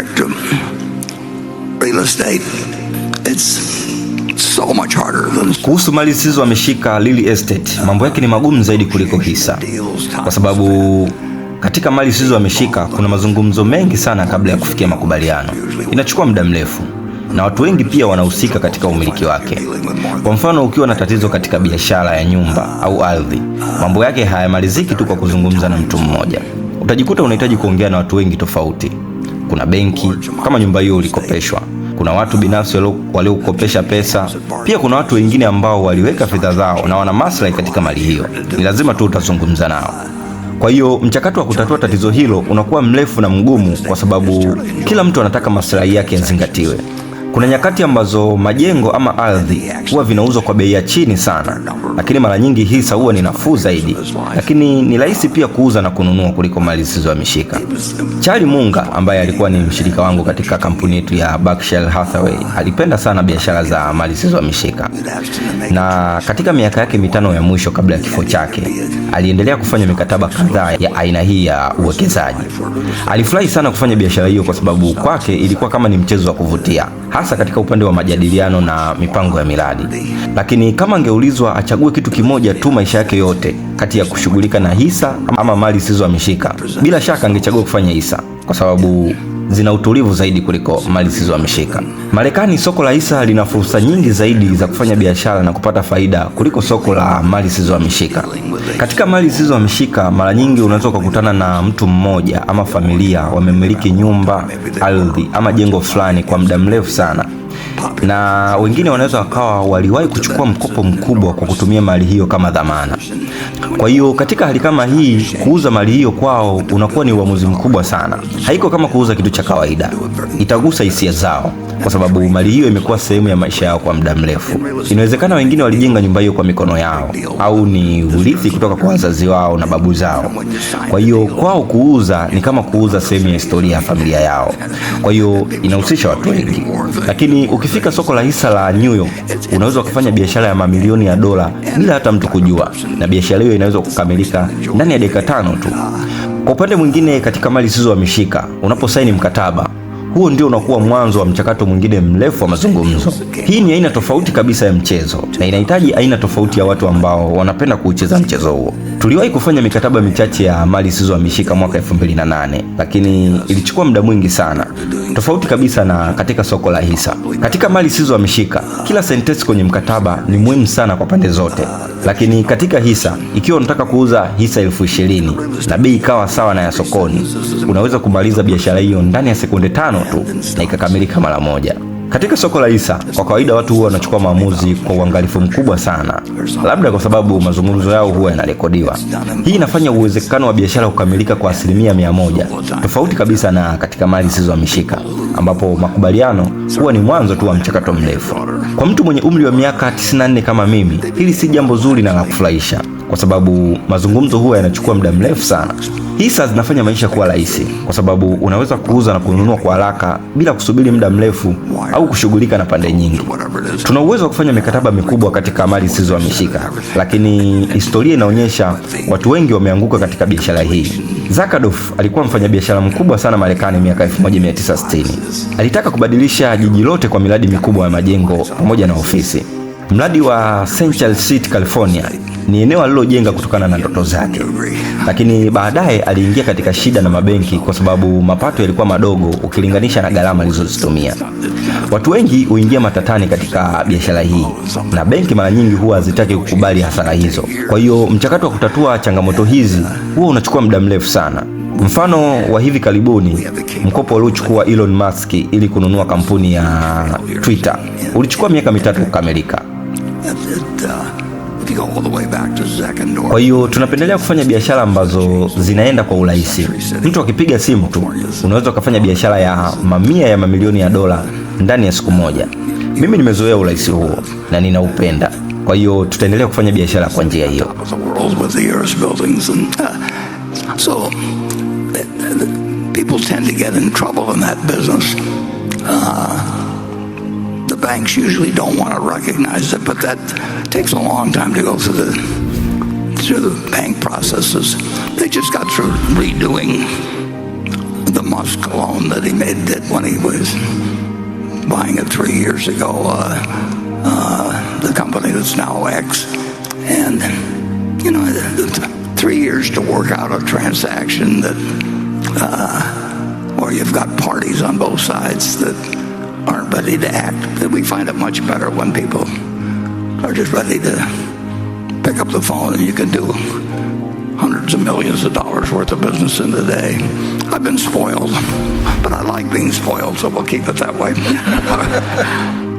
spectrum. Real estate, it's so much harder than... Kuhusu mali zisizo ameshika real estate, mambo yake ni magumu zaidi kuliko hisa, kwa sababu katika mali zisizo ameshika kuna mazungumzo mengi sana kabla ya kufikia makubaliano. Inachukua muda mrefu na watu wengi pia wanahusika katika umiliki wake. Kwa mfano, ukiwa na tatizo katika biashara ya nyumba au ardhi, mambo yake hayamaliziki tu kwa kuzungumza na mtu mmoja. Utajikuta unahitaji kuongea na watu wengi tofauti kuna benki kama nyumba hiyo ulikopeshwa, kuna watu binafsi waliokopesha pesa, pia kuna watu wengine ambao waliweka fedha zao na wana maslahi katika mali hiyo. Ni lazima tu utazungumza nao. Kwa hiyo mchakato wa kutatua tatizo hilo unakuwa mrefu na mgumu, kwa sababu kila mtu anataka maslahi yake yazingatiwe. Kuna nyakati ambazo majengo ama ardhi huwa vinauzwa kwa bei ya chini sana, lakini mara nyingi hisa huwa ni nafuu zaidi, lakini ni rahisi pia kuuza na kununua kuliko mali zisizohamishika. Charlie Munger ambaye alikuwa ni mshirika wangu katika kampuni yetu ya Berkshire Hathaway alipenda sana biashara za mali zisizohamishika, na katika miaka yake mitano ya mwisho kabla ya kifo chake aliendelea kufanya mikataba kadhaa ya aina hii ya uwekezaji. Alifurahi sana kufanya biashara hiyo kwa sababu kwake ilikuwa kama ni mchezo wa kuvutia hasa katika upande wa majadiliano na mipango ya miradi. Lakini kama angeulizwa achague kitu kimoja tu maisha yake yote kati ya kushughulika na hisa ama mali zisizohamishika, bila shaka angechagua kufanya hisa kwa sababu zina utulivu zaidi kuliko mali zisizohamishika. Marekani, soko la hisa lina fursa nyingi zaidi za kufanya biashara na kupata faida kuliko soko la mali zisizohamishika. Katika mali zisizohamishika, mara nyingi unaweza ukakutana na mtu mmoja ama familia wamemiliki nyumba, ardhi ama jengo fulani kwa muda mrefu sana na wengine wanaweza wakawa waliwahi kuchukua mkopo mkubwa kwa kutumia mali hiyo kama dhamana. Kwa hiyo katika hali kama hii, kuuza mali hiyo kwao unakuwa ni uamuzi mkubwa sana. Haiko kama kuuza kitu cha kawaida, itagusa hisia zao kwa sababu mali hiyo imekuwa sehemu ya maisha yao kwa muda mrefu. Inawezekana wengine walijenga nyumba hiyo kwa mikono yao, au ni urithi kutoka kwa wazazi wao na babu zao. Kwa hiyo kwao kuuza ni kama kuuza sehemu ya historia ya familia yao. Kwa hiyo inahusisha watu wengi, lakini Ukifika soko la hisa la New York unaweza ukafanya biashara ya mamilioni ya dola bila hata mtu kujua, na biashara hiyo inaweza kukamilika ndani ya dakika tano tu. Kwa upande mwingine, katika mali zisizohamishika, unaposaini mkataba huo ndio unakuwa mwanzo wa mchakato mwingine mrefu wa mazungumzo. Hii ni aina tofauti kabisa ya mchezo na inahitaji aina tofauti ya watu ambao wanapenda kuucheza mchezo huo. Tuliwahi kufanya mikataba michache ya mali zisizohamishika mwaka 2008 lakini ilichukua muda mwingi sana, tofauti kabisa na katika soko la hisa. Katika mali zisizohamishika, kila sentensi kwenye mkataba ni muhimu sana kwa pande zote, lakini katika hisa, ikiwa unataka kuuza hisa elfu ishirini na bei ikawa sawa na ya sokoni, unaweza kumaliza biashara hiyo ndani ya sekunde tano tu na ikakamilika mara moja. Katika soko la hisa kwa kawaida watu huwa wanachukua maamuzi kwa uangalifu mkubwa sana, labda kwa sababu mazungumzo yao huwa yanarekodiwa. Hii inafanya uwezekano wa biashara kukamilika kwa asilimia mia moja, tofauti kabisa na katika mali zisizohamishika ambapo makubaliano huwa ni mwanzo tu wa mchakato mrefu. Kwa mtu mwenye umri wa miaka 94 kama mimi, hili si jambo zuri na la kufurahisha, kwa sababu mazungumzo huwa yanachukua muda mrefu sana. Hisa zinafanya maisha kuwa rahisi kwa sababu unaweza kuuza na kununua kwa haraka bila kusubiri muda mrefu au kushughulika na pande nyingi. Tuna uwezo wa kufanya mikataba mikubwa katika mali zisizohamishika, lakini historia inaonyesha watu wengi wameanguka katika biashara hii. Zakadoff alikuwa mfanyabiashara mkubwa sana Marekani miaka 1960. Alitaka kubadilisha jiji lote kwa miradi mikubwa ya majengo pamoja na ofisi. Mradi wa Central Street California ni eneo alilojenga kutokana na ndoto zake, lakini baadaye aliingia katika shida na mabenki kwa sababu mapato yalikuwa madogo ukilinganisha na gharama alizozitumia. Watu wengi huingia matatani katika biashara hii, na benki mara nyingi huwa hazitaki kukubali hasara hizo. Kwa hiyo mchakato wa kutatua changamoto hizi huwa unachukua muda mrefu sana. Mfano wa hivi karibuni, mkopo aliochukua Elon Musk ili kununua kampuni ya Twitter ulichukua miaka mitatu kukamilika. Kwa hiyo tunapendelea kufanya biashara ambazo zinaenda kwa urahisi. Mtu akipiga simu tu unaweza ukafanya biashara ya mamia ya mamilioni ya dola ndani ya siku moja. Mimi nimezoea urahisi huo na ninaupenda. Kwa hiyo tutaendelea kufanya biashara kwa njia hiyo. banks usually don't want to recognize it, but that takes a long time to go through the through the bank processes. They just got through redoing the Musk loan that he made that when he was buying it three years ago. Uh, uh, the company that's now X, and you know, three years to work out a transaction that. Uh, or you've got parties on both sides that aren't ready to act, that we find it much better when people are just ready to pick up the phone and you can do hundreds of millions of dollars worth of business in a day. I've been spoiled, but I like being spoiled, so we'll keep it that way.